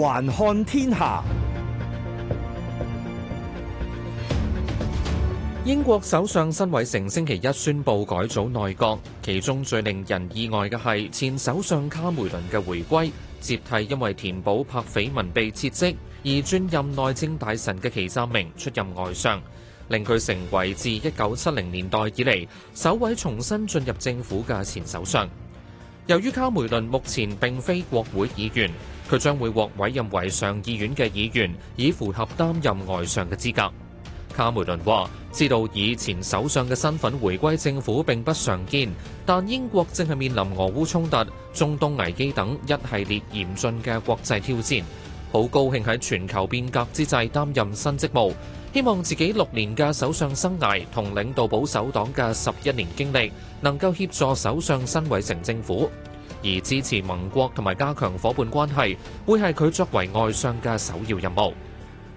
環看天下，英國首相辛偉誠星期一宣布改組內閣，其中最令人意外嘅係前首相卡梅倫嘅回歸，接替因為填補柏斐文被撤職而轉任內政大臣嘅祁湛明出任外相，令佢成為自一九七零年代以嚟首位重新進入政府嘅前首相。由於卡梅倫目前並非國會議員。佢將會獲委任為上議院嘅議員，以符合擔任外相嘅資格。卡梅倫話：知道以前首相嘅身份回歸政府並不常見，但英國正係面臨俄烏衝突、中東危機等一系列嚴峻嘅國際挑戰。好高興喺全球變革之際擔任新職務，希望自己六年嘅首相生涯同領導保守黨嘅十一年經歷，能夠協助首相辛偉誠政府。而支持盟國同埋加強伙伴關係，會係佢作為外相嘅首要任務。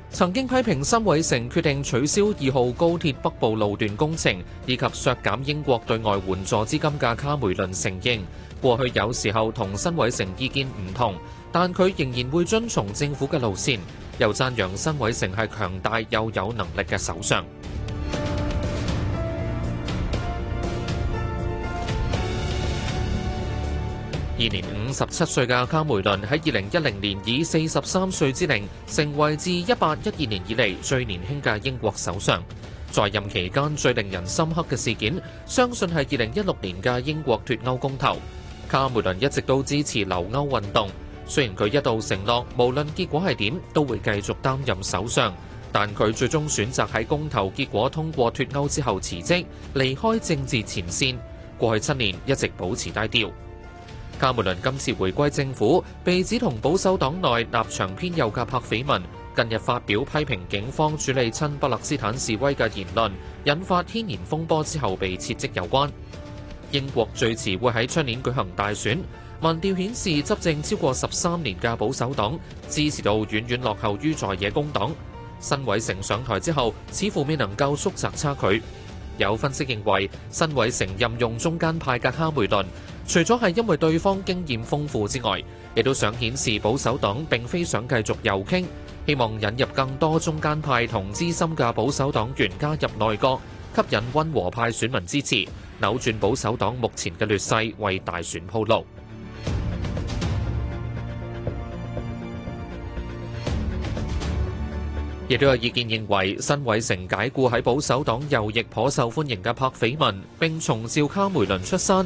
曾經批評辛偉誠決定取消二號高鐵北部路段工程以及削減英國對外援助資金嘅卡梅倫承認，過去有時候同辛偉誠意見唔同，但佢仍然會遵從政府嘅路線。又讚揚辛偉誠係強大又有能力嘅首相。二年五十七歲嘅卡梅倫喺二零一零年以四十三歲之齡成為自一八一二年以嚟最年輕嘅英國首相，在任期間最令人深刻嘅事件，相信係二零一六年嘅英國脱歐公投。卡梅倫一直都支持留歐運動，雖然佢一度承諾無論結果係點都會繼續擔任首相，但佢最終選擇喺公投結果通過脱歐之後辭職，離開政治前線。過去七年一直保持低調。卡梅倫今次回歸政府，被指同保守黨內立場偏右嘅柏斐文，近日發表批評警方處理親巴勒斯坦示威嘅言論，引發天然風波之後被撤職有關。英國最遲會喺出年舉行大選，民調顯示執政超過十三年嘅保守黨支持度遠遠落後於在野工黨。辛偉誠上台之後，似乎未能夠縮窄差距。有分析認為，辛偉誠任用中間派嘅卡梅倫。除咗係因為對方經驗豐富之外，亦都想顯示保守黨並非想繼續右傾，希望引入更多中間派同資深嘅保守黨員加入內閣，吸引溫和派選民支持，扭轉保守黨目前嘅劣勢，為大選鋪路。亦都有意見認為，辛偉誠解雇喺保守黨右翼頗受歡迎嘅柏斐文，並重召卡梅倫出山。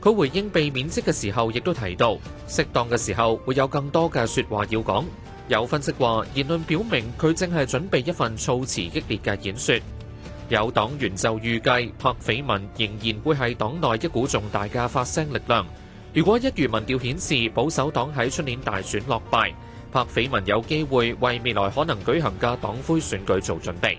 佢回應被免職嘅時候，亦都提到適當嘅時候會有更多嘅說話要講。有分析話，言論表明佢正係準備一份措辭激烈嘅演說。有黨員就預計，柏斐文仍然會喺黨內一股重大嘅發聲力量。如果一如民調顯示保守黨喺出年大選落敗，柏斐文有機會為未來可能舉行嘅黨魁選舉做準備。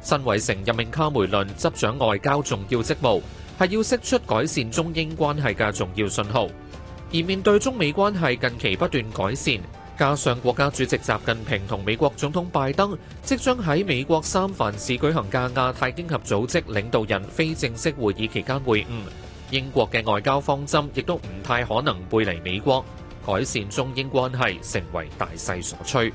辛偉誠任命卡梅倫執掌外交重要職務係要釋出改善中英關係嘅重要信號。而面對中美關係近期不斷改善，加上國家主席習近平同美國總統拜登即將喺美國三藩市舉行嘅亞太經合組織領導人非正式會議期間會晤，英國嘅外交方針亦都唔太可能背離美國，改善中英關係成為大勢所趨。